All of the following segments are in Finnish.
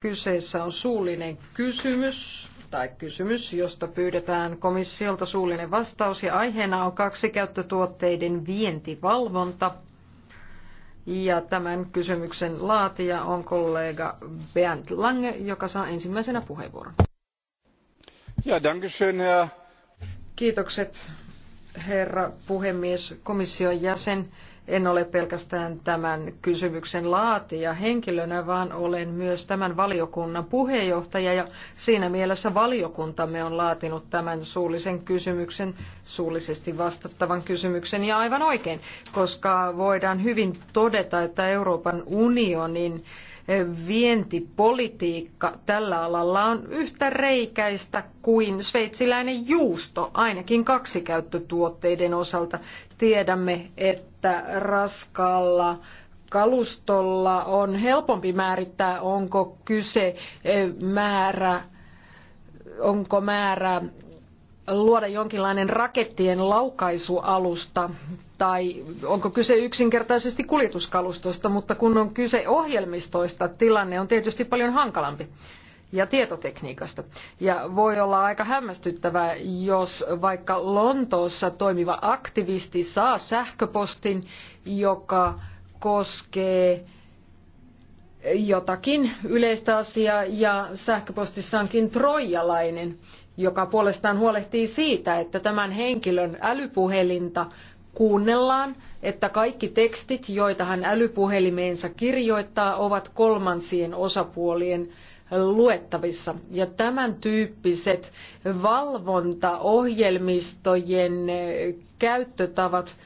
Kyseessä on suullinen kysymys tai kysymys, josta pyydetään komissiolta suullinen vastaus ja aiheena on kaksi käyttötuotteiden vientivalvonta. Ja tämän kysymyksen laatija on kollega Bernd Lange, joka saa ensimmäisenä puheenvuoron. Ja, schön, herr. Kiitokset, herra puhemies, komission jäsen en ole pelkästään tämän kysymyksen laatija henkilönä, vaan olen myös tämän valiokunnan puheenjohtaja ja siinä mielessä valiokuntamme on laatinut tämän suullisen kysymyksen, suullisesti vastattavan kysymyksen ja aivan oikein, koska voidaan hyvin todeta, että Euroopan unionin vientipolitiikka tällä alalla on yhtä reikäistä kuin sveitsiläinen juusto, ainakin kaksikäyttötuotteiden osalta. Tiedämme, että raskaalla kalustolla on helpompi määrittää, onko kyse eh, määrä onko määrä luoda jonkinlainen rakettien laukaisualusta tai onko kyse yksinkertaisesti kuljetuskalustosta, mutta kun on kyse ohjelmistoista, tilanne on tietysti paljon hankalampi ja tietotekniikasta. Ja voi olla aika hämmästyttävää, jos vaikka Lontoossa toimiva aktivisti saa sähköpostin, joka koskee jotakin yleistä asiaa ja sähköpostissa onkin troijalainen, joka puolestaan huolehtii siitä, että tämän henkilön älypuhelinta kuunnellaan, että kaikki tekstit, joita hän älypuhelimeensa kirjoittaa, ovat kolmansien osapuolien luettavissa. Ja tämän tyyppiset valvontaohjelmistojen käyttötavat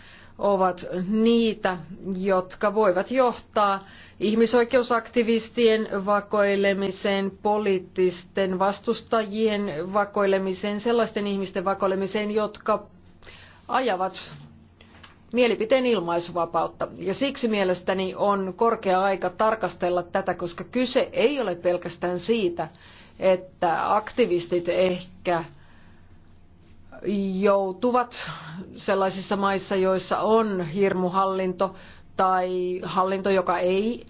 ovat niitä, jotka voivat johtaa ihmisoikeusaktivistien vakoilemiseen, poliittisten vastustajien vakoilemiseen, sellaisten ihmisten vakoilemiseen, jotka ajavat mielipiteen ilmaisuvapautta. Ja siksi mielestäni on korkea aika tarkastella tätä, koska kyse ei ole pelkästään siitä, että aktivistit ehkä joutuvat sellaisissa maissa, joissa on hirmuhallinto tai hallinto, joka ei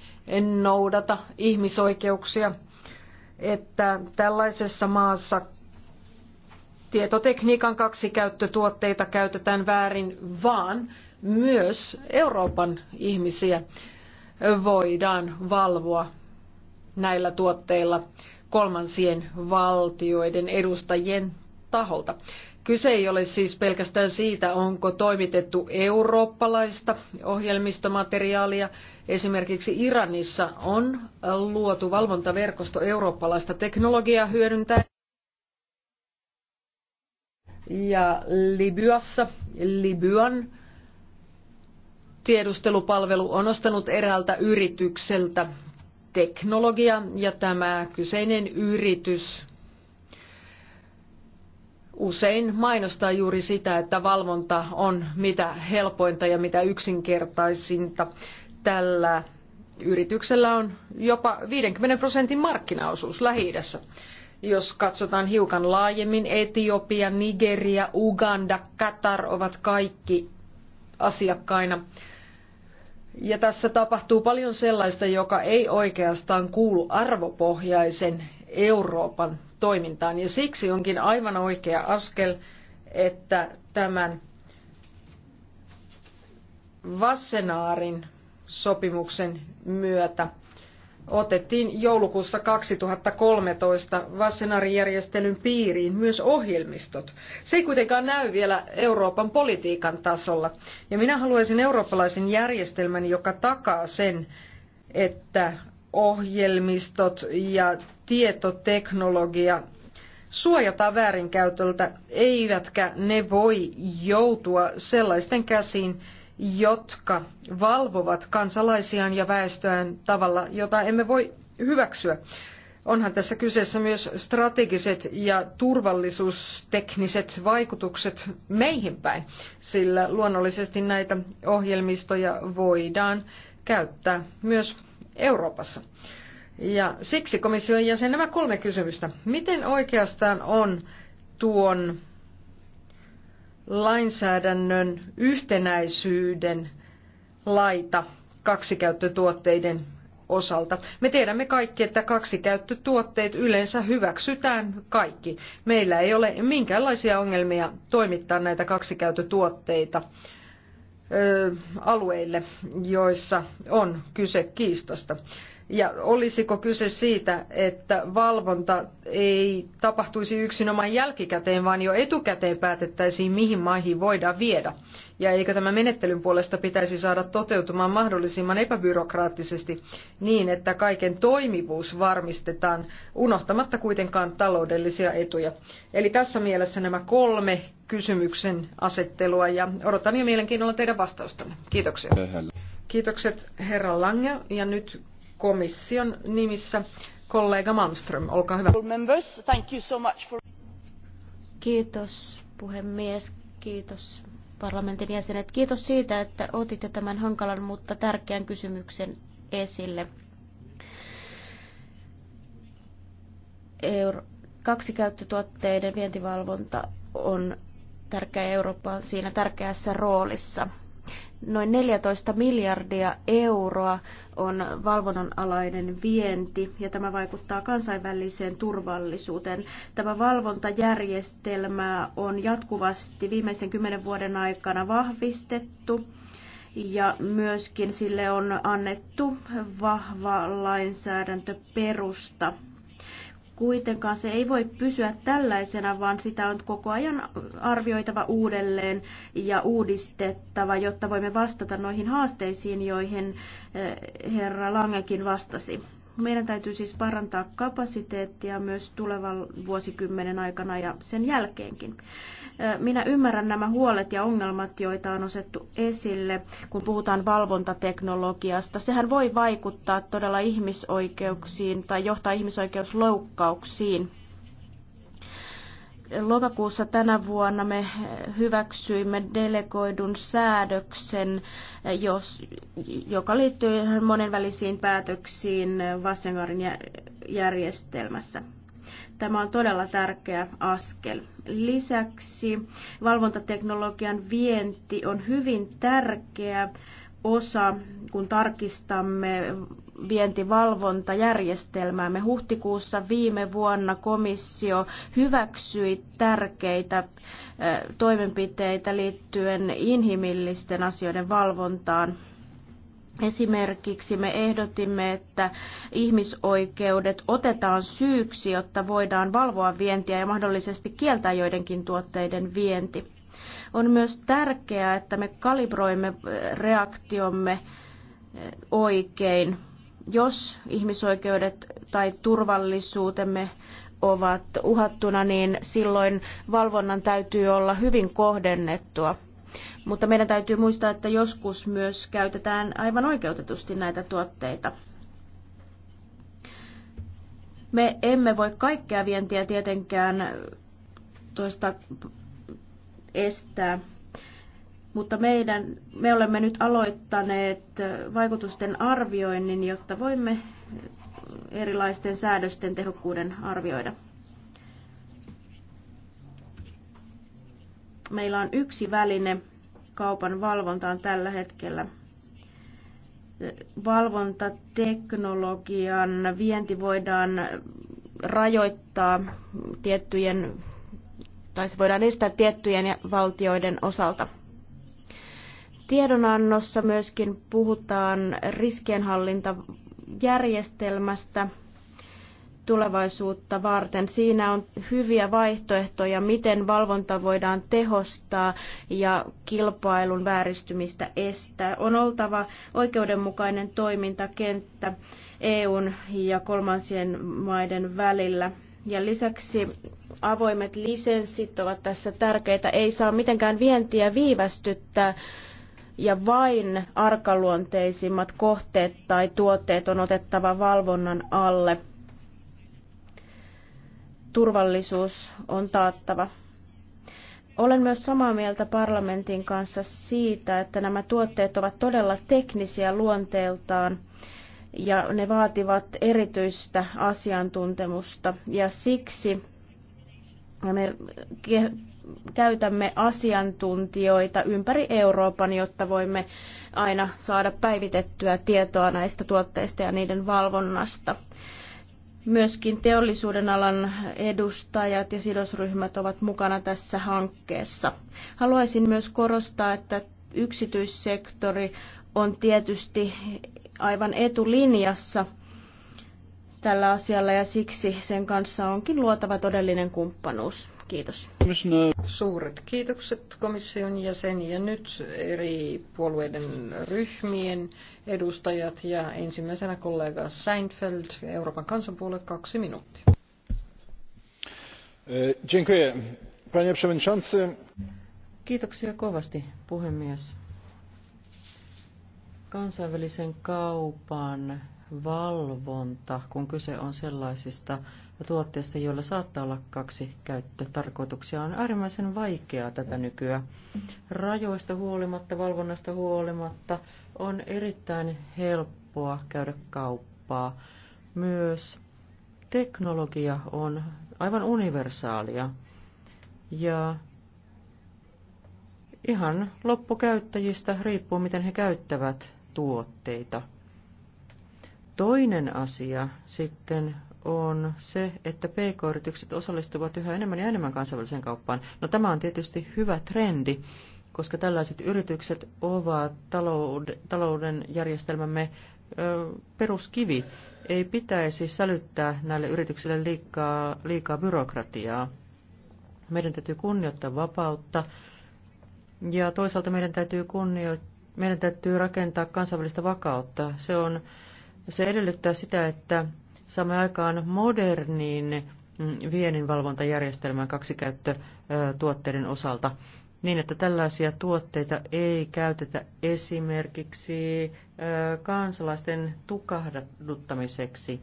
noudata ihmisoikeuksia, että tällaisessa maassa tietotekniikan kaksikäyttötuotteita käytetään väärin, vaan myös Euroopan ihmisiä voidaan valvoa näillä tuotteilla kolmansien valtioiden edustajien taholta. Kyse ei ole siis pelkästään siitä, onko toimitettu eurooppalaista ohjelmistomateriaalia. Esimerkiksi Iranissa on luotu valvontaverkosto eurooppalaista teknologiaa hyödyntäen. Ja Libyassa, Libyan tiedustelupalvelu on ostanut eräältä yritykseltä teknologia ja tämä kyseinen yritys usein mainostaa juuri sitä, että valvonta on mitä helpointa ja mitä yksinkertaisinta. Tällä yrityksellä on jopa 50 prosentin markkinaosuus lähi -idässä. Jos katsotaan hiukan laajemmin, Etiopia, Nigeria, Uganda, Katar ovat kaikki asiakkaina. Ja tässä tapahtuu paljon sellaista, joka ei oikeastaan kuulu arvopohjaisen Euroopan toimintaan. Ja siksi onkin aivan oikea askel, että tämän Vassenaarin sopimuksen myötä otettiin joulukuussa 2013 Vassenaarijärjestelyn piiriin myös ohjelmistot. Se ei kuitenkaan näy vielä Euroopan politiikan tasolla. Ja minä haluaisin eurooppalaisen järjestelmän, joka takaa sen, että ohjelmistot ja tietoteknologia suojata väärinkäytöltä, eivätkä ne voi joutua sellaisten käsiin, jotka valvovat kansalaisiaan ja väestöään tavalla, jota emme voi hyväksyä. Onhan tässä kyseessä myös strategiset ja turvallisuustekniset vaikutukset meihin päin, sillä luonnollisesti näitä ohjelmistoja voidaan käyttää myös Euroopassa. Ja siksi komission jäsen nämä kolme kysymystä. Miten oikeastaan on tuon lainsäädännön yhtenäisyyden laita kaksikäyttötuotteiden osalta. Me tiedämme kaikki, että kaksikäyttötuotteet yleensä hyväksytään kaikki. Meillä ei ole minkäänlaisia ongelmia toimittaa näitä kaksikäyttötuotteita ö, alueille, joissa on kyse kiistasta. Ja olisiko kyse siitä, että valvonta ei tapahtuisi yksinomaan jälkikäteen, vaan jo etukäteen päätettäisiin, mihin maihin voidaan viedä? Ja eikö tämä menettelyn puolesta pitäisi saada toteutumaan mahdollisimman epäbyrokraattisesti niin, että kaiken toimivuus varmistetaan unohtamatta kuitenkaan taloudellisia etuja? Eli tässä mielessä nämä kolme kysymyksen asettelua ja odotan jo mielenkiinnolla teidän vastaustanne. Kiitoksia. Kiitokset herra Lange ja nyt komission nimissä kollega Malmström. Olkaa hyvä. Kiitos puhemies, kiitos parlamentin jäsenet. Kiitos siitä, että otitte tämän hankalan, mutta tärkeän kysymyksen esille. Euro, kaksikäyttötuotteiden vientivalvonta on tärkeä Euroopan siinä tärkeässä roolissa. Noin 14 miljardia euroa on valvonnan alainen vienti ja tämä vaikuttaa kansainväliseen turvallisuuteen. Tämä valvontajärjestelmä on jatkuvasti viimeisten kymmenen vuoden aikana vahvistettu ja myöskin sille on annettu vahva lainsäädäntöperusta. Kuitenkaan se ei voi pysyä tällaisena, vaan sitä on koko ajan arvioitava uudelleen ja uudistettava, jotta voimme vastata noihin haasteisiin, joihin eh, herra Langekin vastasi. Meidän täytyy siis parantaa kapasiteettia myös tulevan vuosikymmenen aikana ja sen jälkeenkin. Minä ymmärrän nämä huolet ja ongelmat, joita on osettu esille, kun puhutaan valvontateknologiasta. Sehän voi vaikuttaa todella ihmisoikeuksiin tai johtaa ihmisoikeusloukkauksiin lokakuussa tänä vuonna me hyväksyimme delegoidun säädöksen, jos, joka liittyy monenvälisiin päätöksiin Vassengarin järjestelmässä. Tämä on todella tärkeä askel. Lisäksi valvontateknologian vienti on hyvin tärkeä osa, kun tarkistamme vientivalvontajärjestelmäämme. Huhtikuussa viime vuonna komissio hyväksyi tärkeitä toimenpiteitä liittyen inhimillisten asioiden valvontaan Esimerkiksi me ehdotimme, että ihmisoikeudet otetaan syyksi, jotta voidaan valvoa vientiä ja mahdollisesti kieltää joidenkin tuotteiden vienti. On myös tärkeää, että me kalibroimme reaktiomme eh, oikein, jos ihmisoikeudet tai turvallisuutemme ovat uhattuna, niin silloin valvonnan täytyy olla hyvin kohdennettua. Mutta meidän täytyy muistaa, että joskus myös käytetään aivan oikeutetusti näitä tuotteita. Me emme voi kaikkea vientiä tietenkään toista estää, mutta meidän, me olemme nyt aloittaneet vaikutusten arvioinnin, jotta voimme erilaisten säädösten tehokkuuden arvioida. Meillä on yksi väline kaupan valvontaan tällä hetkellä. Valvontateknologian vienti voidaan rajoittaa tiettyjen, tai se voidaan estää tiettyjen valtioiden osalta. Tiedonannossa myöskin puhutaan riskienhallintajärjestelmästä – tulevaisuutta varten. Siinä on hyviä vaihtoehtoja, miten valvonta voidaan tehostaa ja kilpailun vääristymistä estää. On oltava oikeudenmukainen toimintakenttä EUn ja kolmansien maiden välillä. Ja lisäksi avoimet lisenssit ovat tässä tärkeitä. Ei saa mitenkään vientiä viivästyttää ja vain arkaluonteisimmat kohteet tai tuotteet on otettava valvonnan alle turvallisuus on taattava. Olen myös samaa mieltä parlamentin kanssa siitä, että nämä tuotteet ovat todella teknisiä luonteeltaan ja ne vaativat erityistä asiantuntemusta ja siksi me käytämme asiantuntijoita ympäri Euroopan, jotta voimme aina saada päivitettyä tietoa näistä tuotteista ja niiden valvonnasta. Myöskin teollisuuden alan edustajat ja sidosryhmät ovat mukana tässä hankkeessa. Haluaisin myös korostaa, että yksityissektori on tietysti aivan etulinjassa tällä asialla ja siksi sen kanssa onkin luotava todellinen kumppanuus. Kiitos. Suuret kiitokset komission jäsen ja nyt eri puolueiden ryhmien edustajat ja ensimmäisenä kollega Seinfeld Euroopan kansanpuolue kaksi minuuttia. Panie przewodniczący. Kiitoksia kovasti, puhemies. Kansainvälisen kaupan valvonta, kun kyse on sellaisista tuotteista, joilla saattaa olla kaksi käyttötarkoituksia. On äärimmäisen vaikeaa tätä nykyä. Rajoista huolimatta, valvonnasta huolimatta on erittäin helppoa käydä kauppaa. Myös teknologia on aivan universaalia ja ihan loppukäyttäjistä riippuu, miten he käyttävät tuotteita. Toinen asia sitten on se, että PK-yritykset osallistuvat yhä enemmän ja enemmän kansainväliseen kauppaan. No tämä on tietysti hyvä trendi, koska tällaiset yritykset ovat talouden järjestelmämme peruskivi. Ei pitäisi sälyttää näille yrityksille liikaa, liikaa byrokratiaa. Meidän täytyy kunnioittaa vapautta ja toisaalta meidän täytyy, kunnio... meidän täytyy rakentaa kansainvälistä vakautta. Se, on, se edellyttää sitä, että saamme aikaan modernin mm, vienninvalvontajärjestelmän kaksikäyttötuotteiden osalta niin, että tällaisia tuotteita ei käytetä esimerkiksi kansalaisten tukahduttamiseksi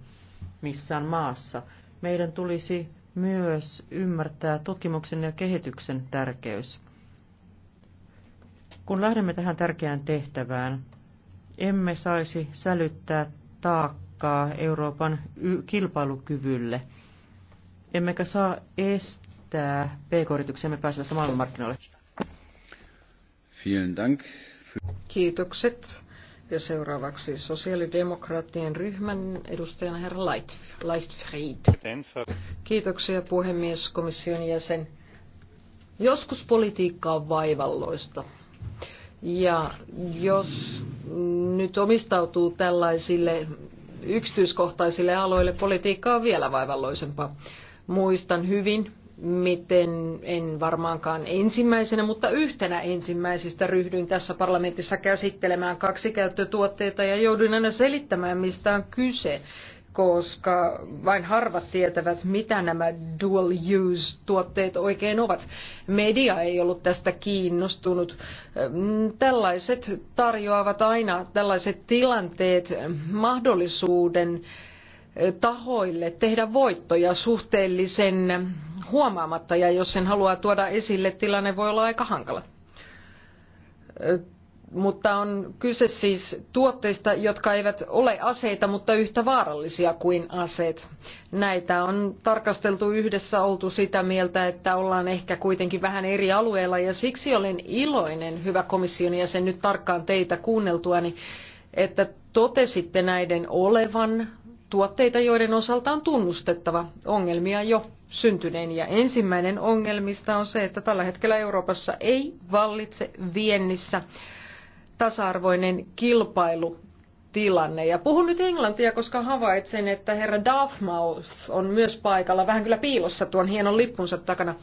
missään maassa. Meidän tulisi myös ymmärtää tutkimuksen ja kehityksen tärkeys. Kun lähdemme tähän tärkeään tehtävään, emme saisi sälyttää taakkaa taakkaa Euroopan kilpailukyvylle. Emmekä saa estää pk-yrityksemme pääsevästä maailmanmarkkinoille. Kiitokset. Ja seuraavaksi sosiaalidemokraattien ryhmän edustajana herra Lightfried. Kiitoksia puhemies, komission jäsen. Joskus politiikka on vaivalloista. Ja jos nyt omistautuu tällaisille yksityiskohtaisille aloille politiikka on vielä vaivalloisempaa. Muistan hyvin, miten en varmaankaan ensimmäisenä, mutta yhtenä ensimmäisistä ryhdyin tässä parlamentissa käsittelemään kaksikäyttötuotteita ja jouduin aina selittämään, mistä on kyse koska vain harvat tietävät, mitä nämä dual use tuotteet oikein ovat. Media ei ollut tästä kiinnostunut. Tällaiset tarjoavat aina tällaiset tilanteet mahdollisuuden tahoille tehdä voittoja suhteellisen huomaamatta ja jos sen haluaa tuoda esille, tilanne voi olla aika hankala mutta on kyse siis tuotteista, jotka eivät ole aseita, mutta yhtä vaarallisia kuin aseet. Näitä on tarkasteltu yhdessä, oltu sitä mieltä, että ollaan ehkä kuitenkin vähän eri alueella ja siksi olen iloinen, hyvä komission jäsen, nyt tarkkaan teitä kuunneltuani, että totesitte näiden olevan tuotteita, joiden osalta on tunnustettava ongelmia jo syntyneen. Ja ensimmäinen ongelmista on se, että tällä hetkellä Euroopassa ei vallitse viennissä tasa-arvoinen kilpailu tilanne. Ja puhun nyt englantia, koska havaitsen, että herra Dartmouth on myös paikalla, vähän kyllä piilossa tuon hienon lippunsa takana.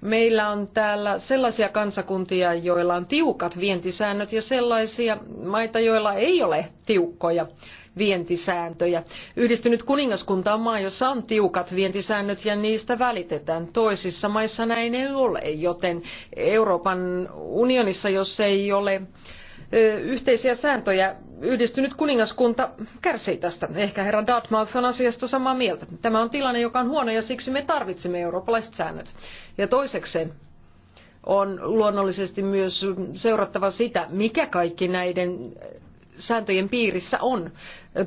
Meillä on täällä sellaisia kansakuntia, joilla on tiukat vientisäännöt ja sellaisia maita, joilla ei ole tiukkoja vientisääntöjä. Yhdistynyt kuningaskunta on maa, jossa on tiukat vientisäännöt ja niistä välitetään. Toisissa maissa näin ei ole, joten Euroopan unionissa, jos ei ole yhteisiä sääntöjä. Yhdistynyt kuningaskunta kärsii tästä. Ehkä herra Dartmouth on asiasta samaa mieltä. Tämä on tilanne, joka on huono ja siksi me tarvitsemme eurooppalaiset säännöt. Ja toisekseen on luonnollisesti myös seurattava sitä, mikä kaikki näiden sääntöjen piirissä on.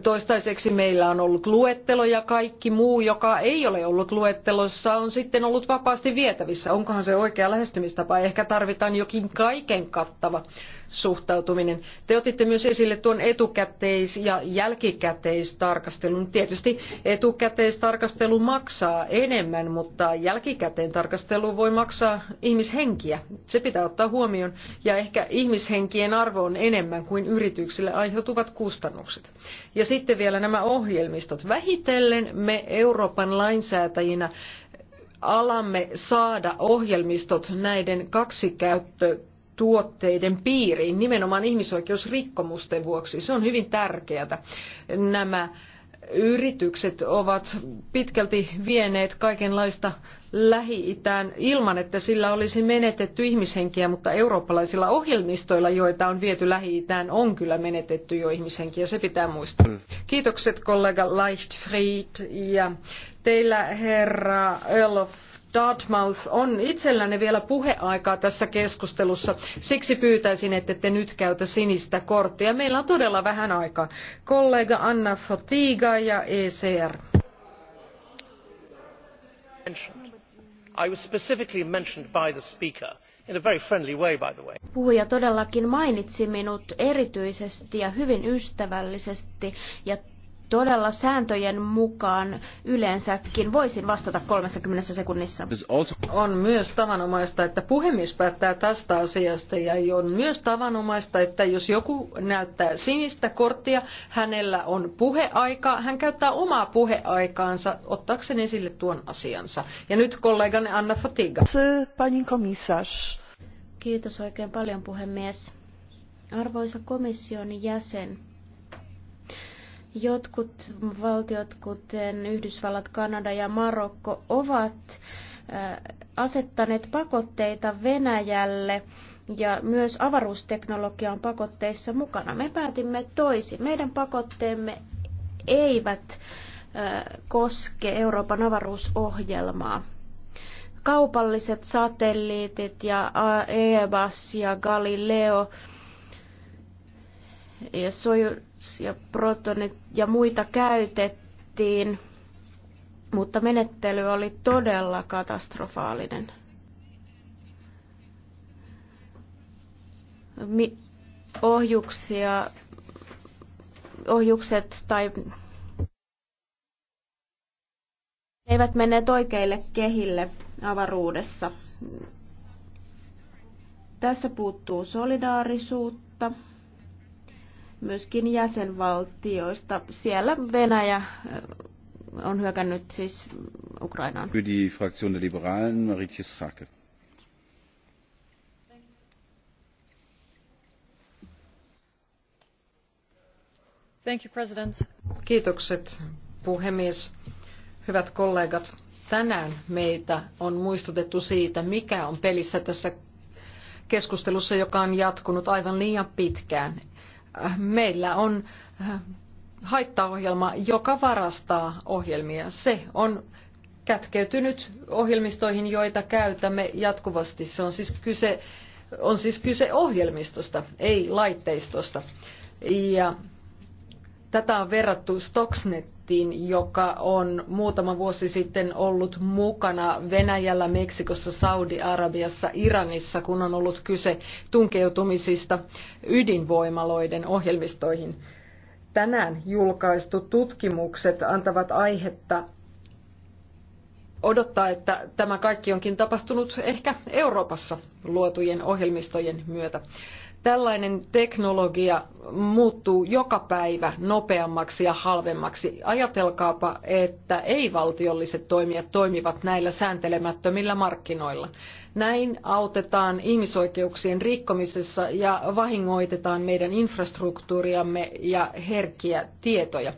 Toistaiseksi meillä on ollut luettelo ja kaikki muu, joka ei ole ollut luettelossa, on sitten ollut vapaasti vietävissä. Onkohan se oikea lähestymistapa? Ehkä tarvitaan jokin kaiken kattava suhtautuminen. Te otitte myös esille tuon etukäteis- ja jälkikäteistarkastelun. Tietysti etukäteistarkastelu maksaa enemmän, mutta jälkikäteen tarkastelu voi maksaa ihmishenkiä. Se pitää ottaa huomioon ja ehkä ihmishenkien arvo on enemmän kuin yrityksille aiheutuvat kustannukset. Ja sitten vielä nämä ohjelmistot. Vähitellen me Euroopan lainsäätäjinä alamme saada ohjelmistot näiden kaksikäyttö tuotteiden piiriin nimenomaan ihmisoikeusrikkomusten vuoksi. Se on hyvin tärkeää. Nämä yritykset ovat pitkälti vieneet kaikenlaista Lähi-Itään ilman, että sillä olisi menetetty ihmishenkiä, mutta eurooppalaisilla ohjelmistoilla, joita on viety Lähi-Itään, on kyllä menetetty jo ihmishenkiä, se pitää muistaa. Kiitokset kollega Leichtfried ja teillä herra Ölof Dartmouth on itsellänne vielä puheaikaa tässä keskustelussa. Siksi pyytäisin, että te nyt käytä sinistä korttia. Meillä on todella vähän aikaa. Kollega Anna Fotiga ja e ECR. Puhuja todellakin mainitsi minut erityisesti ja hyvin ystävällisesti ja todella sääntöjen mukaan yleensäkin voisin vastata 30 sekunnissa. On myös tavanomaista, että puhemies päättää tästä asiasta ja on myös tavanomaista, että jos joku näyttää sinistä korttia, hänellä on puheaika, hän käyttää omaa puheaikaansa ottaakseen esille tuon asiansa. Ja nyt kollegani Anna Fatiga. Pani komissaris. Kiitos oikein paljon puhemies. Arvoisa komission jäsen, Jotkut valtiot, kuten Yhdysvallat, Kanada ja Marokko, ovat äh, asettaneet pakotteita Venäjälle ja myös avaruusteknologia on pakotteissa mukana. Me päätimme toisin. Meidän pakotteemme eivät äh, koske Euroopan avaruusohjelmaa. Kaupalliset satelliitit ja EBAS äh, ja Galileo ja Soju, ja protonit ja muita käytettiin, mutta menettely oli todella katastrofaalinen. Mi- ohjuksia, ohjukset tai eivät menneet oikeille kehille avaruudessa. Tässä puuttuu solidaarisuutta myöskin jäsenvaltioista. Siellä Venäjä äh, on hyökännyt siis Ukrainaan. Für die Fraktion der Liberalen, Schrake. Thank you, President. Kiitokset, puhemies. Hyvät kollegat, tänään meitä on muistutettu siitä, mikä on pelissä tässä keskustelussa, joka on jatkunut aivan liian pitkään. Äh, meillä on äh, haittaohjelma, joka varastaa ohjelmia. Se on kätkeytynyt ohjelmistoihin, joita käytämme jatkuvasti. Se on siis kyse, on siis kyse ohjelmistosta, ei laitteistosta. Ja tätä on verrattu Stuxnet pakettiin, joka on muutama vuosi sitten ollut mukana Venäjällä, Meksikossa, Saudi-Arabiassa, Iranissa, kun on ollut kyse tunkeutumisista ydinvoimaloiden ohjelmistoihin. Tänään julkaistut tutkimukset antavat aihetta odottaa, että tämä kaikki onkin tapahtunut ehkä Euroopassa luotujen ohjelmistojen myötä. Tällainen teknologia muuttuu joka päivä nopeammaksi ja halvemmaksi. Ajatelkaapa, että ei-valtiolliset toimijat toimivat näillä sääntelemättömillä markkinoilla. Näin autetaan ihmisoikeuksien rikkomisessa ja vahingoitetaan meidän infrastruktuuriamme ja herkkiä tietoja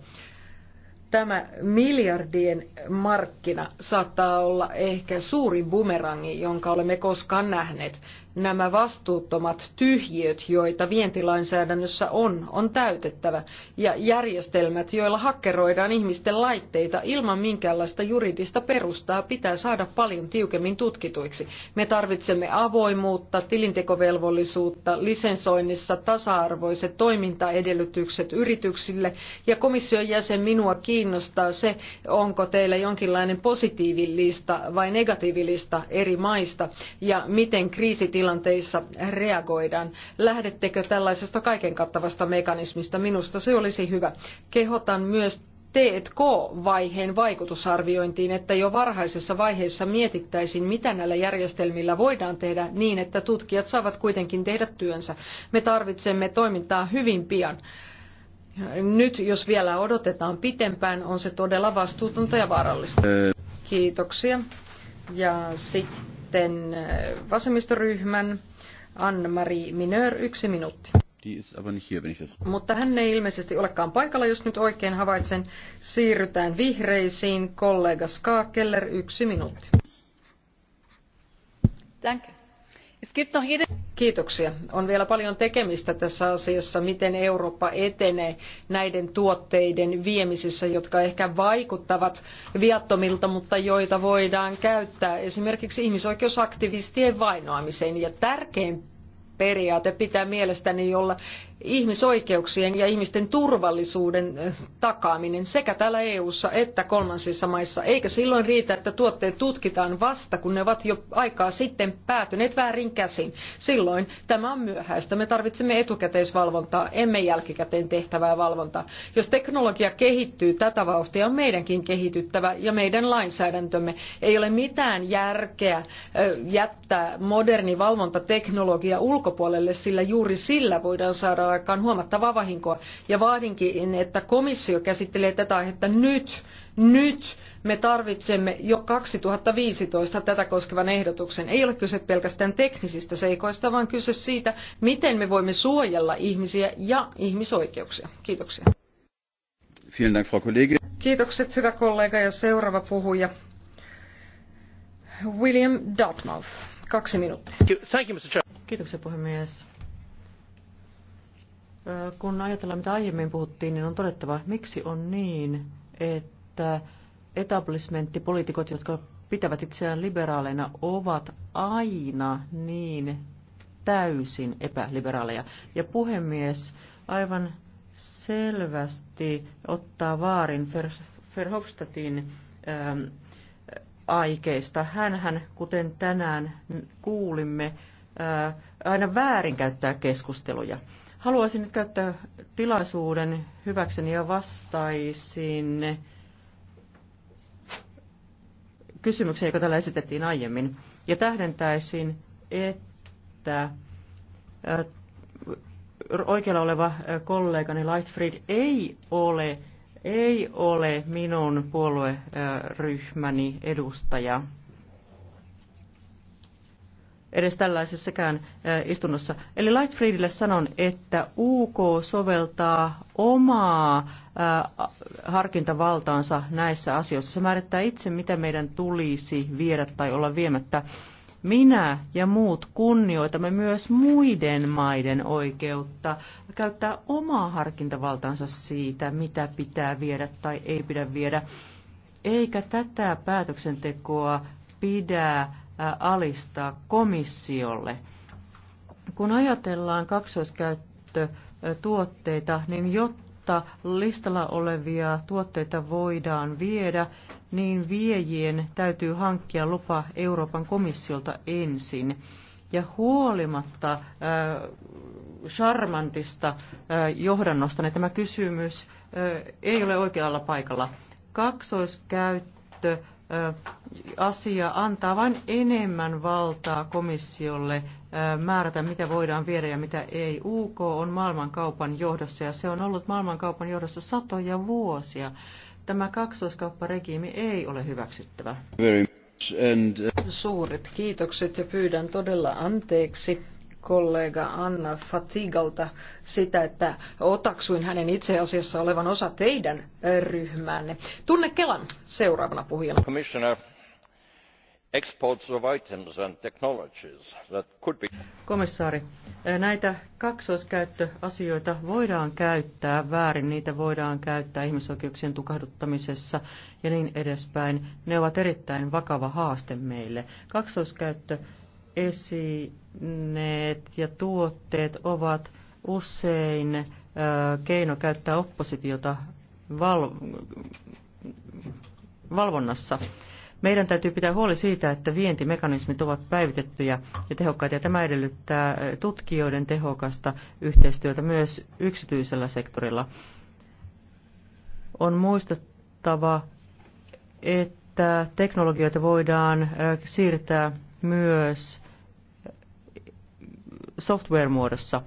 tämä miljardien markkina saattaa olla ehkä suurin bumerangi, jonka olemme koskaan nähneet nämä vastuuttomat tyhjiöt, joita vientilainsäädännössä on, on täytettävä, ja järjestelmät, joilla hakkeroidaan ihmisten laitteita ilman minkäänlaista juridista perustaa, pitää saada paljon tiukemmin tutkituiksi. Me tarvitsemme avoimuutta, tilintekovelvollisuutta, lisensoinnissa tasa-arvoiset toimintaedellytykset yrityksille, ja komission jäsen minua kiinnostaa se, onko teillä jonkinlainen positiivilista vai negatiivilista eri maista, ja miten kriisitilanteessa tilanteissa reagoidaan. Lähdettekö tällaisesta kaiken kattavasta mekanismista? Minusta se olisi hyvä. Kehotan myös T&K-vaiheen vaikutusarviointiin, että jo varhaisessa vaiheessa mietittäisiin, mitä näillä järjestelmillä voidaan tehdä niin, että tutkijat saavat kuitenkin tehdä työnsä. Me tarvitsemme toimintaa hyvin pian. Nyt, jos vielä odotetaan pitempään, on se todella vastuutonta ja vaarallista. Kiitoksia. Ja sitten sitten äh, vasemmistoryhmän Anne-Marie Minör, yksi minuutti. Mutta hän ei ilmeisesti olekaan paikalla, jos nyt oikein havaitsen. Siirrytään vihreisiin. Kollega Ska Keller, yksi minuutti. Danke. Es gibt noch jede... Kiitoksia. On vielä paljon tekemistä tässä asiassa, miten Eurooppa etenee näiden tuotteiden viemisessä, jotka ehkä vaikuttavat viattomilta, mutta joita voidaan käyttää esimerkiksi ihmisoikeusaktivistien vainoamiseen. Ja tärkein periaate pitää mielestäni olla ihmisoikeuksien ja ihmisten turvallisuuden eh, takaaminen sekä täällä EU:ssa että kolmansissa maissa, eikä silloin riitä, että tuotteet tutkitaan vasta, kun ne ovat jo aikaa sitten päätyneet väärin käsin. Silloin tämä on myöhäistä. Me tarvitsemme etukäteisvalvontaa, emme jälkikäteen tehtävää valvontaa. Jos teknologia kehittyy tätä vauhtia, on meidänkin kehityttävä ja meidän lainsäädäntömme. Ei ole mitään järkeä eh, jättää moderni valvontateknologia ulkopuolelle, sillä juuri sillä voidaan saada aikaan huomattavaa vahinkoa. Ja vaadinkin, että komissio käsittelee tätä aihetta nyt, nyt me tarvitsemme jo 2015 tätä koskevan ehdotuksen. Ei ole kyse pelkästään teknisistä seikoista, vaan kyse siitä, miten me voimme suojella ihmisiä ja ihmisoikeuksia. Kiitoksia. Kiitokset, hyvä kollega ja seuraava puhuja. William Dartmouth, kaksi minuuttia. Kiitoksia puhemies. Kun ajatellaan, mitä aiemmin puhuttiin, niin on todettava, miksi on niin, että etablishmenttipoliitikot, jotka pitävät itseään liberaaleina, ovat aina niin täysin epäliberaaleja. Ja puhemies aivan selvästi ottaa vaarin Verhofstadtin ähm, aikeista. Hänhän, kuten tänään kuulimme, ää, äh, aina väärinkäyttää keskusteluja. Haluaisin nyt käyttää tilaisuuden hyväkseni ja vastaisin kysymykseen, joka täällä esitettiin aiemmin. Ja tähdentäisin, että oikealla oleva kollegani Lightfried ei ole, ei ole minun puolueryhmäni edustaja edes tällaisessakään istunnossa. Eli Lightfriedille sanon, että UK soveltaa omaa harkintavaltaansa näissä asioissa. Se määrittää itse, mitä meidän tulisi viedä tai olla viemättä. Minä ja muut kunnioitamme myös muiden maiden oikeutta käyttää omaa harkintavaltaansa siitä, mitä pitää viedä tai ei pidä viedä. Eikä tätä päätöksentekoa pidä alistaa komissiolle. Kun ajatellaan kaksoiskäyttötuotteita, niin jotta listalla olevia tuotteita voidaan viedä, niin viejien täytyy hankkia lupa Euroopan komissiolta ensin. Ja huolimatta äh, charmantista äh, johdannosta, niin tämä kysymys äh, ei ole oikealla paikalla. Kaksoiskäyttö asia antaa vain enemmän valtaa komissiolle määrätä, mitä voidaan viedä ja mitä ei. UK on maailmankaupan johdossa ja se on ollut maailmankaupan johdossa satoja vuosia. Tämä kaksoiskaupparegiimi ei ole hyväksyttävä. Suuret kiitokset ja pyydän todella anteeksi kollega Anna Fatigalta sitä, että otaksuin hänen itse asiassa olevan osa teidän ryhmäänne. Tunne Kelan seuraavana puhujana. Be... Komissaari, näitä kaksoiskäyttöasioita voidaan käyttää väärin, niitä voidaan käyttää ihmisoikeuksien tukahduttamisessa ja niin edespäin. Ne ovat erittäin vakava haaste meille. Kaksoiskäyttö esineet ja tuotteet ovat usein keino käyttää oppositiota val- valvonnassa. Meidän täytyy pitää huoli siitä, että vientimekanismit ovat päivitettyjä ja tehokkaita, ja tämä edellyttää tutkijoiden tehokasta yhteistyötä myös yksityisellä sektorilla. On muistettava, että teknologioita voidaan siirtää myös software-muodossa.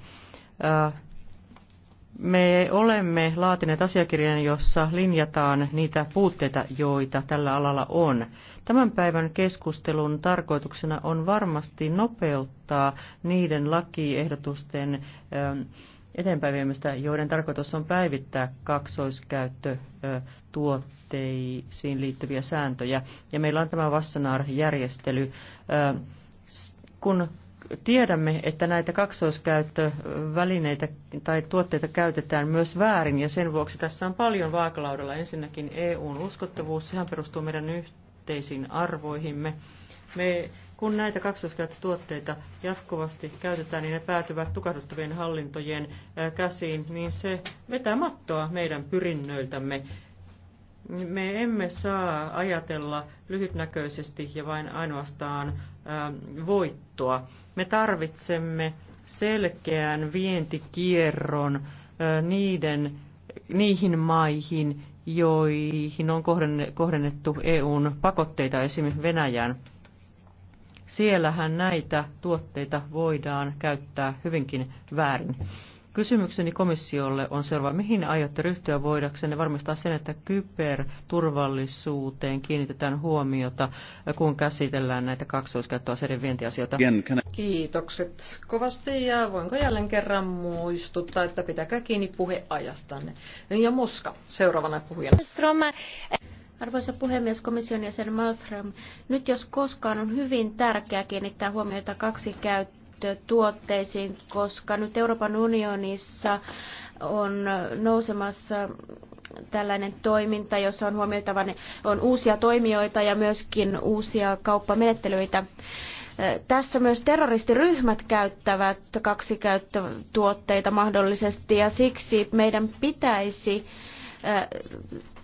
Me olemme laatineet asiakirjan, jossa linjataan niitä puutteita, joita tällä alalla on. Tämän päivän keskustelun tarkoituksena on varmasti nopeuttaa niiden lakiehdotusten eteenpäin viemistä, joiden tarkoitus on päivittää kaksoiskäyttötuotteisiin liittyviä sääntöjä. Ja meillä on tämä vassanaar järjestely Kun tiedämme, että näitä kaksoiskäyttövälineitä tai tuotteita käytetään myös väärin, ja sen vuoksi tässä on paljon vaakalaudella. Ensinnäkin EUn uskottavuus, sehän perustuu meidän yhteisiin arvoihimme. Me kun näitä kaksoiskäyttötuotteita jatkuvasti käytetään, niin ne päätyvät tukahduttavien hallintojen käsiin, niin se vetää mattoa meidän pyrinnöiltämme. Me emme saa ajatella lyhytnäköisesti ja vain ainoastaan voittoa. Me tarvitsemme selkeän vientikierron niiden, niihin maihin, joihin on kohdennettu EUn pakotteita, esimerkiksi Venäjään. Siellähän näitä tuotteita voidaan käyttää hyvinkin väärin. Kysymykseni komissiolle on selvä, Mihin aiotte ryhtyä voidaksenne varmistaa sen, että kyberturvallisuuteen kiinnitetään huomiota, kun käsitellään näitä kaksoiskäyttöaseiden vientiasioita? Kiitokset kovasti ja voinko jälleen kerran muistuttaa, että pitäkää kiinni puheajastanne. Ja Moska seuraavana puhujana. Arvoisa puhemies, komission jäsen Malmström, nyt jos koskaan on hyvin tärkeää kiinnittää huomiota kaksi käyttötuotteisiin, koska nyt Euroopan unionissa on nousemassa tällainen toiminta, jossa on huomioitava ne, on uusia toimijoita ja myöskin uusia kauppamenettelyitä. Tässä myös terroristiryhmät käyttävät kaksi käyttötuotteita mahdollisesti ja siksi meidän pitäisi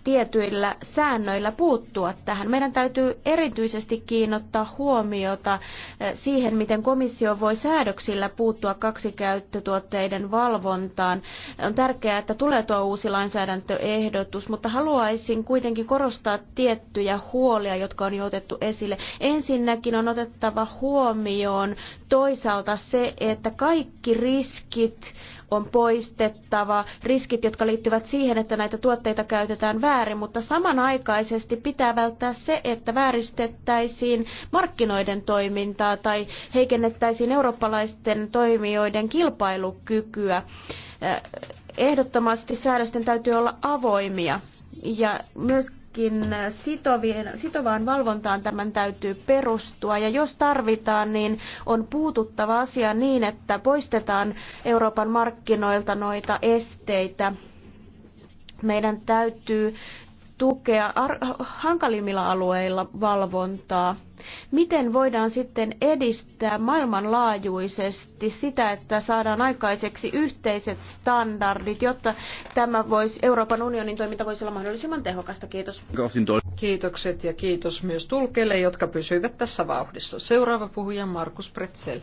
tietyillä säännöillä puuttua tähän. Meidän täytyy erityisesti kiinnottaa huomiota eh, siihen, miten komissio voi säädöksillä puuttua kaksikäyttötuotteiden valvontaan. On tärkeää, että tulee tuo uusi lainsäädäntöehdotus, mutta haluaisin kuitenkin korostaa tiettyjä huolia, jotka on jo otettu esille. Ensinnäkin on otettava huomioon toisaalta se, että kaikki riskit on poistettava, riskit, jotka liittyvät siihen, että näitä tuotteita käytetään väärin väärin, mutta samanaikaisesti pitää välttää se, että vääristettäisiin markkinoiden toimintaa tai heikennettäisiin eurooppalaisten toimijoiden kilpailukykyä. Äh, ehdottomasti säädösten täytyy olla avoimia ja myös myöskin sitovien, sitovaan valvontaan tämän täytyy perustua. Ja jos tarvitaan, niin on puututtava asia niin, että poistetaan Euroopan markkinoilta noita esteitä meidän täytyy tukea ar- hankalimmilla alueilla valvontaa. Miten voidaan sitten edistää maailmanlaajuisesti sitä, että saadaan aikaiseksi yhteiset standardit, jotta tämä voisi, Euroopan unionin toiminta voisi olla mahdollisimman tehokasta? Kiitos. Kiitokset ja kiitos myös tulkeille, jotka pysyivät tässä vauhdissa. Seuraava puhuja Markus Pretzel.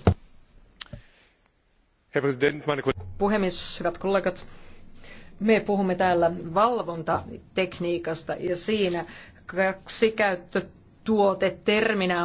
Puhemies, hyvät kollegat. Me puhumme täällä valvontatekniikasta ja siinä kaksi käyttö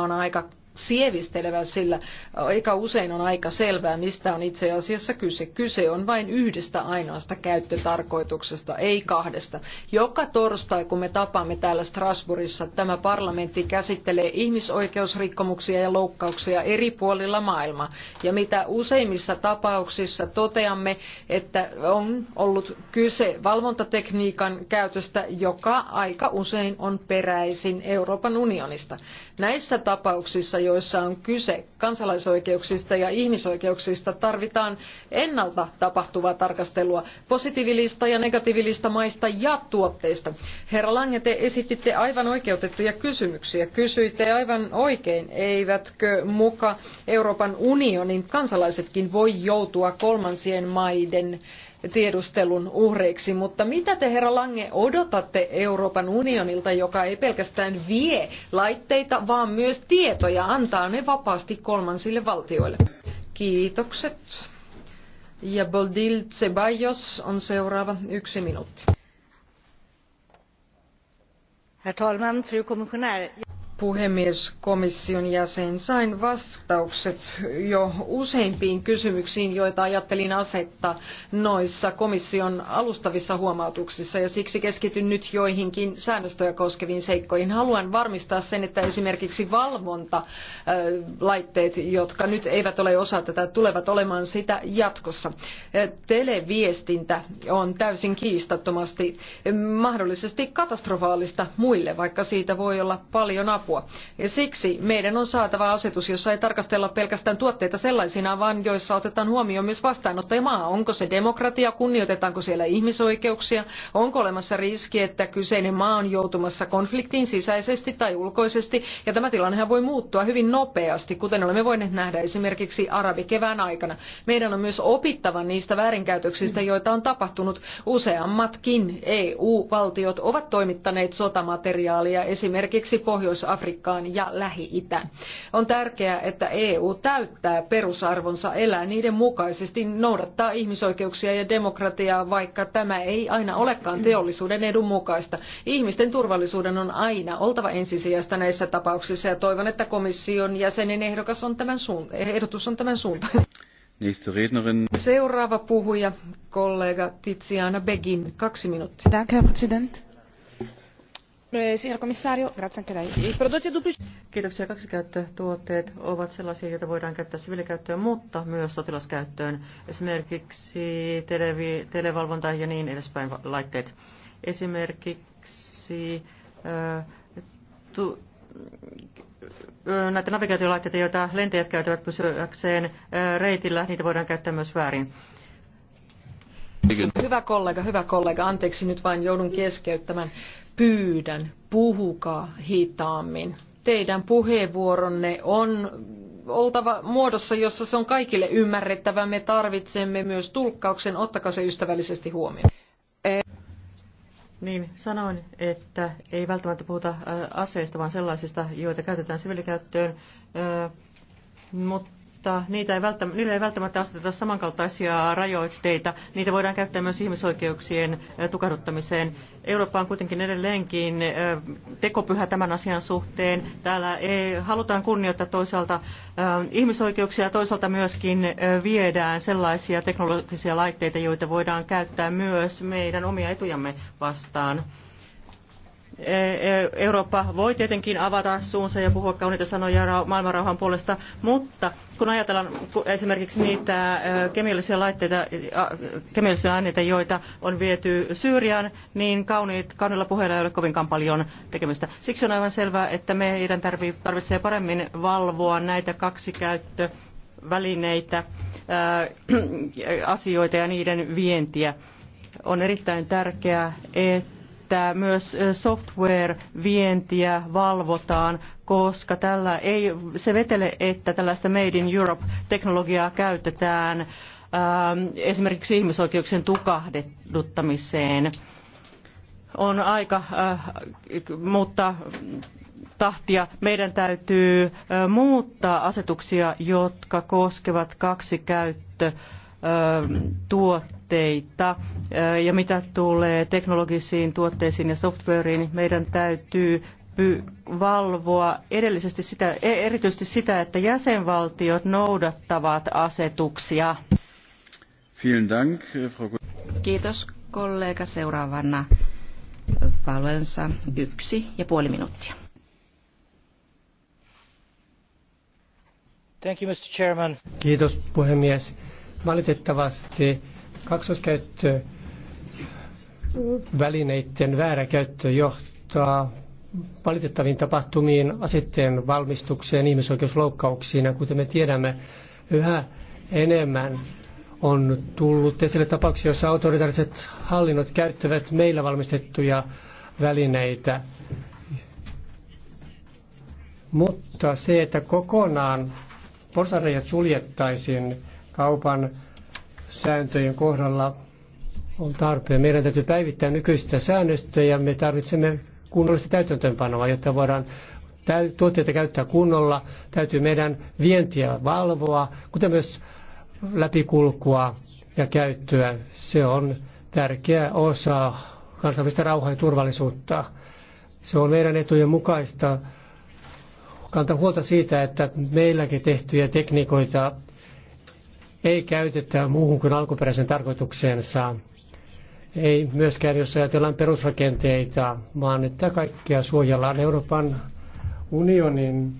on aika sievistelevä, sillä aika usein on aika selvää, mistä on itse asiassa kyse. Kyse on vain yhdestä ainoasta käyttötarkoituksesta, ei kahdesta. Joka torstai, kun me tapaamme täällä Strasbourgissa, tämä parlamentti käsittelee ihmisoikeusrikkomuksia ja loukkauksia eri puolilla maailmaa. Ja mitä useimmissa tapauksissa toteamme, että on ollut kyse valvontatekniikan käytöstä, joka aika usein on peräisin Euroopan unionista. Näissä tapauksissa joissa on kyse kansalaisoikeuksista ja ihmisoikeuksista, tarvitaan ennalta tapahtuvaa tarkastelua positiivilista ja negatiivilista maista ja tuotteista. Herra Lange, te esititte aivan oikeutettuja kysymyksiä. Kysyitte aivan oikein, eivätkö muka Euroopan unionin kansalaisetkin voi joutua kolmansien maiden tiedustelun uhreiksi. Mutta mitä te, herra Lange, odotatte Euroopan unionilta, joka ei pelkästään vie laitteita, vaan myös tietoja, antaa ne vapaasti kolmansille valtioille? Kiitokset. Ja Boldil Ceballos on seuraava yksi minuutti. Herr talman, fru kommissionär puhemies, komission jäsen. Sain vastaukset jo useimpiin kysymyksiin, joita ajattelin asettaa noissa komission alustavissa huomautuksissa ja siksi keskityn nyt joihinkin säännöstöjä koskeviin seikkoihin. Haluan varmistaa sen, että esimerkiksi valvontalaitteet, jotka nyt eivät ole osa tätä, tulevat olemaan sitä jatkossa. Televiestintä on täysin kiistattomasti mahdollisesti katastrofaalista muille, vaikka siitä voi olla paljon apua apua. Ja siksi meidän on saatava asetus, jossa ei tarkastella pelkästään tuotteita sellaisina, vaan joissa otetaan huomioon myös vastaanottajamaa. Onko se demokratia, kunnioitetaanko siellä ihmisoikeuksia, onko olemassa riski, että kyseinen maa on joutumassa konfliktiin sisäisesti tai ulkoisesti, ja tämä tilannehan voi muuttua hyvin nopeasti, kuten olemme voineet nähdä esimerkiksi arabikevään aikana. Meidän on myös opittava niistä väärinkäytöksistä, joita on tapahtunut. Useammatkin EU-valtiot ovat toimittaneet sotamateriaalia esimerkiksi pohjois Afrikkaan ja Lähi-Itään. On tärkeää, että EU täyttää perusarvonsa, elää niiden mukaisesti, noudattaa ihmisoikeuksia ja demokratiaa, vaikka tämä ei aina olekaan teollisuuden edun mukaista. Ihmisten turvallisuuden on aina oltava ensisijasta näissä tapauksissa ja toivon, että komission jäsenen ehdokas on tämän suun, ehdotus on tämän suuntainen. Seuraava puhuja, kollega Tiziana Begin, kaksi minuuttia. Danke, Herr Präsident. Eh, signor commissario, grazie anche lei. I prodotti duplici... Kiitoksia. Kaksikäyttötuotteet ovat sellaisia, joita voidaan käyttää siviilikäyttöön, mutta myös sotilaskäyttöön. Esimerkiksi televi- televalvonta ja niin edespäin laitteet. Esimerkiksi eh, tu- eh, näitä navigaatiolaitteita, joita lentäjät käyttävät pysyäkseen reitillä, niitä voidaan käyttää myös väärin. Hyvä kollega, hyvä kollega, anteeksi nyt vain joudun keskeyttämään pyydän, puhukaa hitaammin. Teidän puheenvuoronne on oltava muodossa, jossa se on kaikille ymmärrettävä. Me tarvitsemme myös tulkkauksen. Ottakaa se ystävällisesti huomioon. Niin, sanoin, että ei välttämättä puhuta aseista, vaan sellaisista, joita käytetään siviilikäyttöön. Mutta mutta niitä ei välttämättä, niillä ei välttämättä aseteta samankaltaisia rajoitteita. Niitä voidaan käyttää myös ihmisoikeuksien tukahduttamiseen. Eurooppa on kuitenkin edelleenkin tekopyhä tämän asian suhteen. Täällä ei, halutaan kunnioittaa toisaalta ihmisoikeuksia ja toisaalta myöskin viedään sellaisia teknologisia laitteita, joita voidaan käyttää myös meidän omia etujamme vastaan. E, e, Eurooppa voi tietenkin avata suunsa ja puhua kauniita sanoja maailmanrauhan puolesta, mutta kun ajatellaan esimerkiksi niitä e, kemiallisia laitteita, kemiallisia aineita, joita on viety Syyriaan, niin kauniit, kauniilla puheilla ei ole kovinkaan paljon tekemistä. Siksi on aivan selvää, että meidän tarvitsee paremmin valvoa näitä käyttövälineitä, asioita ja niiden vientiä. On erittäin tärkeää, että että myös software-vientiä valvotaan, koska tällä ei se vetele, että tällaista Made in Europe-teknologiaa käytetään ähm, esimerkiksi ihmisoikeuksien tukahduttamiseen. On aika äh, muuttaa tahtia. Meidän täytyy muuttaa asetuksia, jotka koskevat kaksikäyttötuotteita tuotteita. Ja mitä tulee teknologisiin tuotteisiin ja softwareen, niin meidän täytyy valvoa edellisesti sitä, e- erityisesti sitä, että jäsenvaltiot noudattavat asetuksia. Kiitos kollega. Seuraavana Valuensa yksi ja puoli minuuttia. Thank you, Mr. Chairman. Kiitos puhemies. Valitettavasti Kaksoiskäyttö välineiden vääräkäyttö johtaa valitettaviin tapahtumiin, asetteen valmistukseen, ihmisoikeusloukkauksiin. Ja kuten me tiedämme, yhä enemmän on tullut esille tapauksia, joissa autoritaariset hallinnot käyttävät meillä valmistettuja välineitä. Mutta se, että kokonaan porsareijat suljettaisiin kaupan sääntöjen kohdalla on tarpeen. Meidän täytyy päivittää nykyistä säännöstöä ja me tarvitsemme kunnollista täytäntöönpanoa, jotta voidaan tuotteita käyttää kunnolla. Täytyy meidän vientiä valvoa, kuten myös läpikulkua ja käyttöä. Se on tärkeä osa kansainvälistä rauhaa ja turvallisuutta. Se on meidän etujen mukaista kantaa huolta siitä, että meilläkin tehtyjä tekniikoita ei käytetä muuhun kuin alkuperäisen tarkoituksensa. Ei myöskään, jos ajatellaan perusrakenteita, vaan että kaikkea suojellaan Euroopan unionin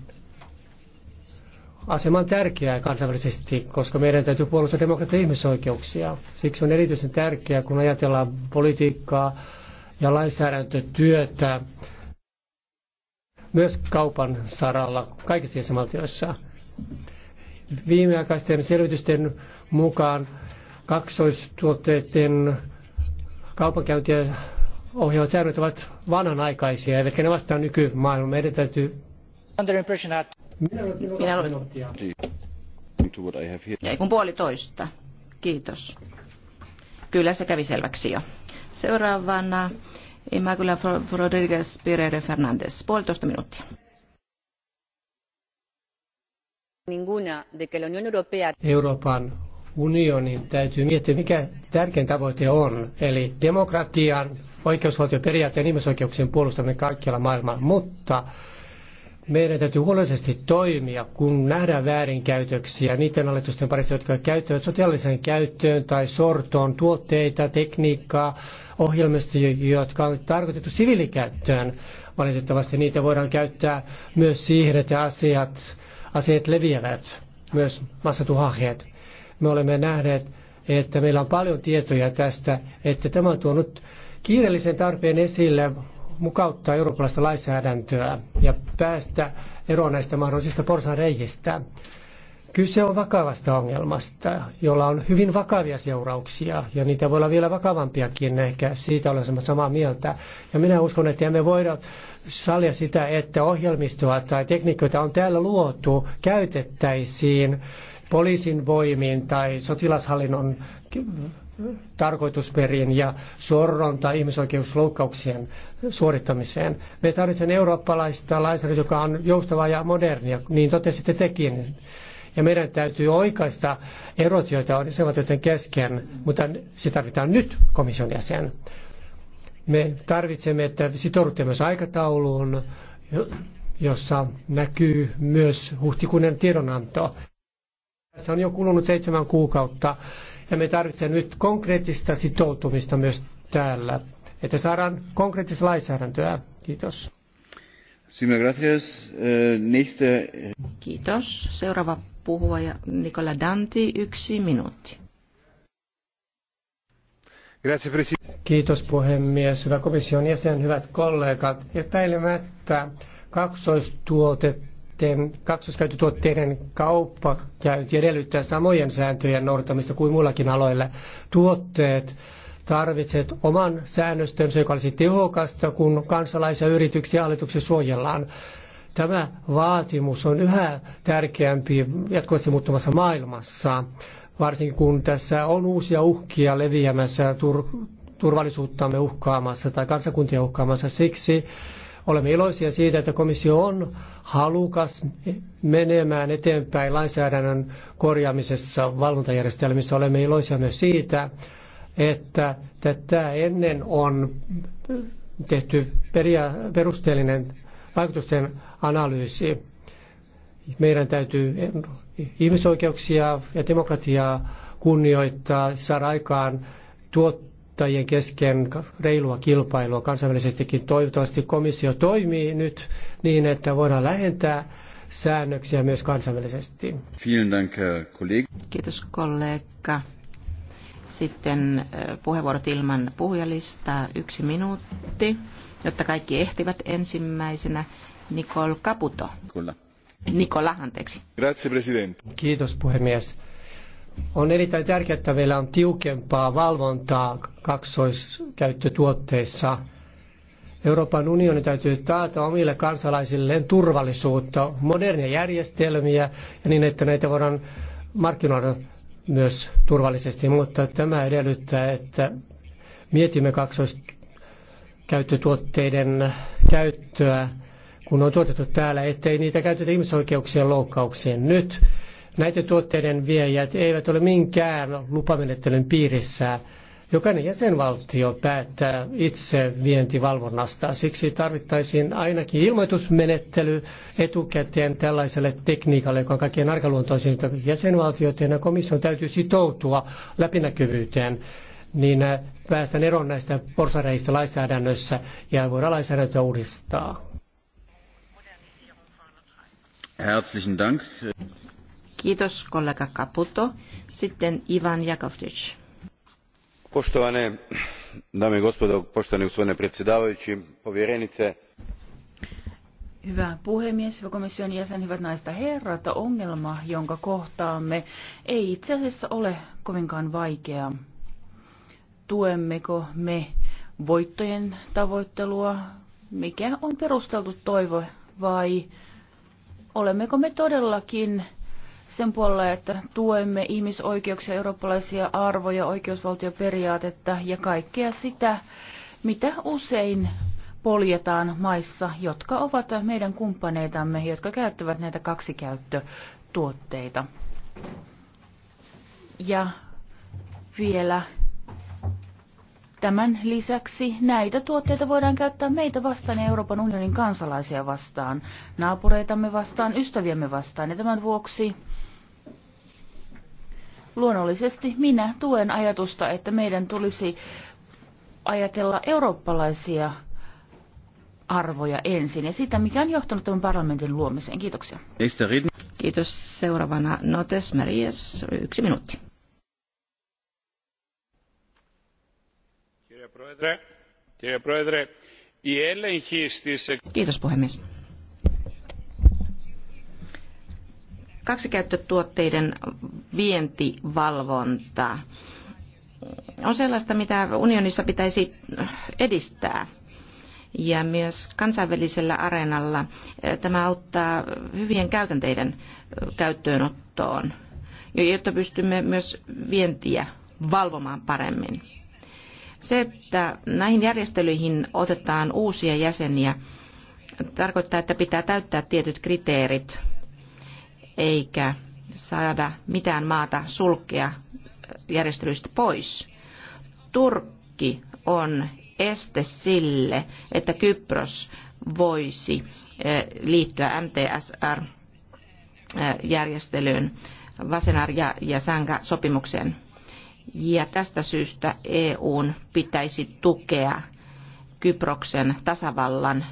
asema on tärkeää kansainvälisesti, koska meidän täytyy puolustaa demokratian ihmisoikeuksia. Siksi on erityisen tärkeää, kun ajatellaan politiikkaa ja lainsäädäntötyötä myös kaupan saralla kaikissa jäsenvaltioissa. Viimeaikaisten selvitysten mukaan kaksoistuotteiden kaupankäyntiä ohjaavat säännöt ovat vanhanaikaisia, eivätkä ne vastaa nykymaailmaa. Meidän täytyy... Minä olen... Jäi kun puolitoista. Kiitos. Kyllä se kävi selväksi jo. Seuraavana Immaculada Rodriguez Pirere Fernandez. Puolitoista minuuttia. Euroopan unionin täytyy miettiä, mikä tärkein tavoite on, eli demokratian, oikeusvaltioperiaatteen ja ihmisoikeuksien puolustaminen kaikkialla maailmalla, mutta meidän täytyy huolellisesti toimia, kun nähdään väärinkäytöksiä niiden hallitusten parissa, jotka käyttävät sotilaallisen käyttöön tai sortoon tuotteita, tekniikkaa, ohjelmistoja, jotka on tarkoitettu siviilikäyttöön. Valitettavasti niitä voidaan käyttää myös siihen, että asiat aseet leviävät, myös massatuhahjat. Me olemme nähneet, että meillä on paljon tietoja tästä, että tämä on tuonut kiireellisen tarpeen esille mukauttaa eurooppalaista lainsäädäntöä ja päästä eroon näistä mahdollisista porsareijistä. Kyse on vakavasta ongelmasta, jolla on hyvin vakavia seurauksia, ja niitä voi olla vielä vakavampiakin, ehkä siitä olen samaa mieltä. Ja minä uskon, että me voidaan sallia sitä, että ohjelmistoa tai tekniikoita on täällä luotu, käytettäisiin poliisin voimiin tai sotilashallinnon tarkoitusperiin ja sorron tai ihmisoikeusloukkauksien suorittamiseen. Me tarvitsemme eurooppalaista lainsäädäntöä, joka on joustavaa ja modernia, niin totesitte tekin. Ja meidän täytyy oikaista erot, joita on isävaltioiden kesken, mutta se tarvitaan nyt komission jäsen. Me tarvitsemme, että sitoudutte myös aikatauluun, jossa näkyy myös huhtikuinen tiedonanto. Tässä on jo kulunut seitsemän kuukautta ja me tarvitsemme nyt konkreettista sitoutumista myös täällä, että saadaan konkreettista lainsäädäntöä. Kiitos. Eh, Kiitos. Seuraava puhuja Nikola Danti, yksi minuutti. Kiitos puhemies, hyvä komission jäsen, hyvät kollegat. Epäilemättä kaksoistuotteiden, kaksoiskäyttötuotteiden kauppakäynti edellyttää samojen sääntöjen noudattamista kuin muillakin aloilla. Tuotteet tarvitset oman säännöstönsä, joka olisi tehokasta, kun kansalaisia yrityksiä hallituksia suojellaan. Tämä vaatimus on yhä tärkeämpi jatkuvasti muuttuvassa maailmassa varsinkin kun tässä on uusia uhkia leviämässä, tur- turvallisuuttamme uhkaamassa tai kansakuntia uhkaamassa. Siksi olemme iloisia siitä, että komissio on halukas menemään eteenpäin lainsäädännön korjaamisessa valvontajärjestelmissä. Olemme iloisia myös siitä, että tätä ennen on tehty peria- perusteellinen vaikutusten analyysi. Meidän täytyy ihmisoikeuksia ja demokratiaa kunnioittaa, saada aikaan tuottajien kesken reilua kilpailua kansainvälisestikin. Toivottavasti komissio toimii nyt niin, että voidaan lähentää säännöksiä myös kansainvälisesti. Äh, Kiitos kollega. Sitten äh, puheenvuorot ilman puhujalistaa. Yksi minuutti, jotta kaikki ehtivät ensimmäisenä. Nicole Caputo. Kyllä arvoisa Kiitos puhemies. On erittäin tärkeää, että meillä on tiukempaa valvontaa kaksoiskäyttötuotteissa. Euroopan unioni täytyy taata omille kansalaisilleen turvallisuutta, modernia järjestelmiä ja niin, että näitä voidaan markkinoida myös turvallisesti, mutta tämä edellyttää, että mietimme kaksoiskäyttötuotteiden käyttöä kun on tuotettu täällä, ettei niitä käytetä ihmisoikeuksien loukkaukseen. Nyt näiden tuotteiden viejät eivät ole minkään lupamenettelyn piirissä. Jokainen jäsenvaltio päättää itse vientivalvonnasta. Siksi tarvittaisiin ainakin ilmoitusmenettely etukäteen tällaiselle tekniikalle, joka on kaikkein arkaluontoisin. Jäsenvaltioiden ja komission täytyy sitoutua läpinäkyvyyteen niin päästään eroon näistä porsareista lainsäädännössä ja voidaan lainsäädäntöä uudistaa. Herzlichen Dank. Kiitos kollega Caputo. Sitten Ivan Jakovčić. Poštovane dame i gospodo, poštovani gospodine predsjedavajući, povjerenice. Hyvä puhemies, hyvä komission jäsen, hyvät naiset ja herrat. Ongelma, jonka kohtaamme, ei itse asiassa ole kovinkaan vaikea. Tuemmeko me voittojen tavoittelua, mikä on perusteltu toivo vai olemmeko me todellakin sen puolella, että tuemme ihmisoikeuksia, eurooppalaisia arvoja, oikeusvaltioperiaatetta ja kaikkea sitä, mitä usein poljetaan maissa, jotka ovat meidän kumppaneitamme, jotka käyttävät näitä kaksikäyttötuotteita. Ja vielä Tämän lisäksi näitä tuotteita voidaan käyttää meitä vastaan ja Euroopan unionin kansalaisia vastaan, naapureitamme vastaan, ystäviämme vastaan. Ja tämän vuoksi luonnollisesti minä tuen ajatusta, että meidän tulisi ajatella eurooppalaisia arvoja ensin ja sitä, mikä on johtanut tämän parlamentin luomiseen. Kiitoksia. Kiitos. Seuraavana Notes Maries, yksi minuutti. arvoisa puhemies. Kaksikäyttötuotteiden vientivalvonta on sellaista, mitä unionissa pitäisi edistää. Ja myös kansainvälisellä areenalla eh, tämä auttaa hyvien käytänteiden eh, käyttöönottoon, jotta pystymme myös vientiä valvomaan paremmin. Se, että näihin järjestelyihin otetaan uusia jäseniä, tarkoittaa, että pitää täyttää tietyt kriteerit, eikä saada mitään maata sulkea järjestelyistä pois. Turkki on este sille, että Kypros voisi eh, liittyä MTSR-järjestelyyn, eh, Vasenar ja Sanga sopimukseen. Ja tästä syystä EUn pitäisi tukea Kyproksen tasavallan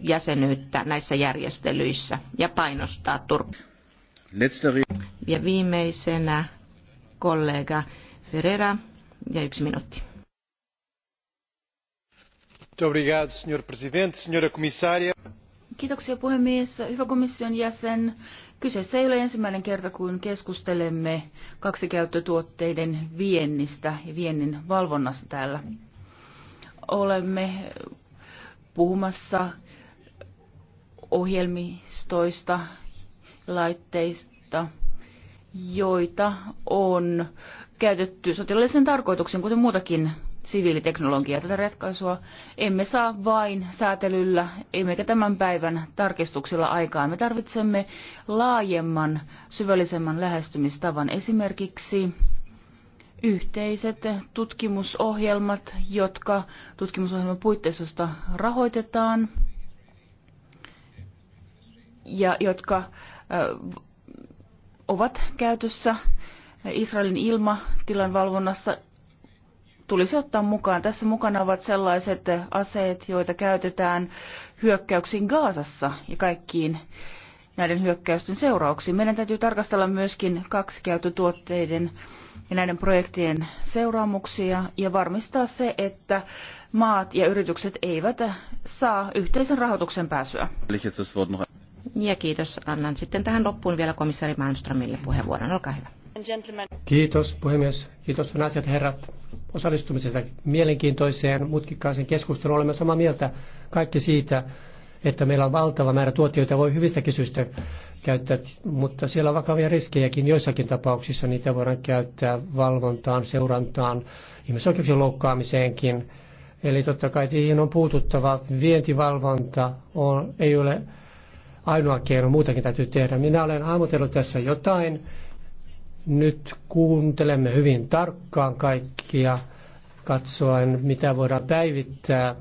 jäsenyyttä näissä järjestelyissä ja painostaa Turkkia. Ja viimeisenä kollega Ferreira ja yksi minuutti. Kiitoksia puhemies. Hyvä komission jäsen. Kyseessä ei ole ensimmäinen kerta, kun keskustelemme kaksikäyttötuotteiden viennistä ja viennin valvonnasta täällä. Olemme puhumassa ohjelmistoista, laitteista, joita on käytetty sotilaallisen tarkoituksen, kuten muutakin siviiliteknologiaa. Tätä ratkaisua emme saa vain säätelyllä, emmekä tämän päivän tarkistuksilla aikaan. Me tarvitsemme laajemman, syvällisemmän lähestymistavan esimerkiksi yhteiset tutkimusohjelmat, jotka tutkimusohjelman puitteissa rahoitetaan ja jotka ovat käytössä Israelin ilmatilan valvonnassa tulisi ottaa mukaan. Tässä mukana ovat sellaiset aseet, joita käytetään hyökkäyksiin Gaasassa ja kaikkiin näiden hyökkäysten seurauksiin. Meidän täytyy tarkastella myöskin kaksi käyttötuotteiden ja näiden projektien seuraamuksia ja varmistaa se, että maat ja yritykset eivät saa yhteisen rahoituksen pääsyä. Ja kiitos. Annan sitten tähän loppuun vielä komissaari Malmströmille puheenvuoron. Olkaa hyvä. Kiitos puhemies. Kiitos naiset herrat osallistumisesta mielenkiintoiseen mutkikkaaseen keskusteluun. Olemme samaa mieltä kaikki siitä, että meillä on valtava määrä tuotteita, voi hyvistäkin syistä käyttää, mutta siellä on vakavia riskejäkin. Joissakin tapauksissa niitä voidaan käyttää valvontaan, seurantaan, ihmisoikeuksien loukkaamiseenkin. Eli totta kai siihen on puututtava. Vientivalvonta on, ei ole ainoa keino, muutakin täytyy tehdä. Minä olen hahmotellut tässä jotain nyt kuuntelemme hyvin tarkkaan kaikkia, katsoen mitä voidaan päivittää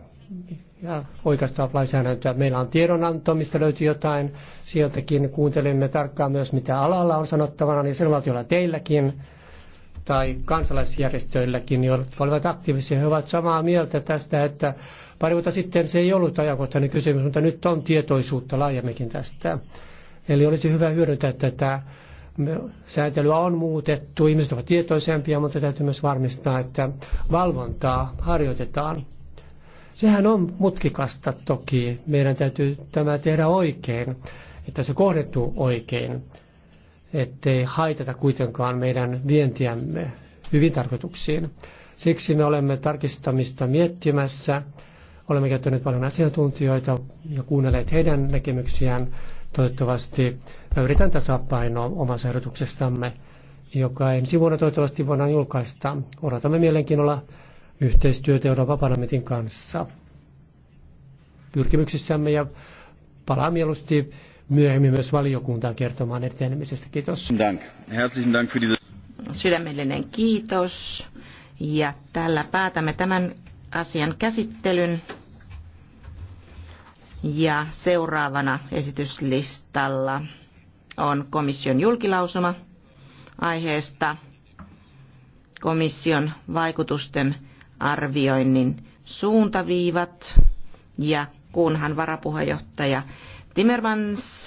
ja oikeastaan lainsäädäntöä. Meillä on tiedonanto, mistä löytyy jotain. Sieltäkin kuuntelemme tarkkaan myös, mitä alalla on sanottavana, niin valtiolla teilläkin tai kansalaisjärjestöilläkin, jotka olivat aktiivisia. He ovat samaa mieltä tästä, että pari vuotta sitten se ei ollut ajankohtainen kysymys, mutta nyt on tietoisuutta laajemminkin tästä. Eli olisi hyvä hyödyntää tätä sääntelyä on muutettu, ihmiset ovat tietoisempia, mutta täytyy myös varmistaa, että valvontaa harjoitetaan. Sehän on mutkikasta toki. Meidän täytyy tämä tehdä oikein, että se kohdentuu oikein, ettei haitata kuitenkaan meidän vientiämme hyvin tarkoituksiin. Siksi me olemme tarkistamista miettimässä. Olemme käyttäneet paljon asiantuntijoita ja kuunnelleet heidän näkemyksiään Toivottavasti yritän tasapainoa omassa ehdotuksestamme, joka ensi vuonna toivottavasti voidaan julkaista. Odotamme mielenkiinnolla yhteistyötä Euroopan parlamentin kanssa pyrkimyksissämme ja palaa mieluusti myöhemmin myös valiokuntaan kertomaan etenemisestä. Kiitos. Dank. Herzlichen Dank für diese... Sydämellinen kiitos. Ja tällä päätämme tämän asian käsittelyn. Ja seuraavana esityslistalla on komission julkilausuma aiheesta komission vaikutusten arvioinnin suuntaviivat ja kunhan varapuheenjohtaja Timmermans